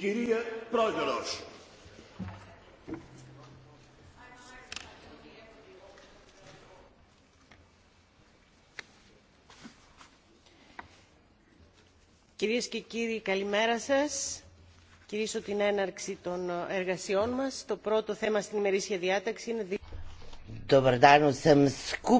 Κυρία Πρόεδρος. Κυρίες και κύριοι, καλημέρα σας. Κυρίσω την έναρξη των εργασιών μας. Το πρώτο θέμα στην ημερήσια διάταξη είναι... Добър дан съм скуп.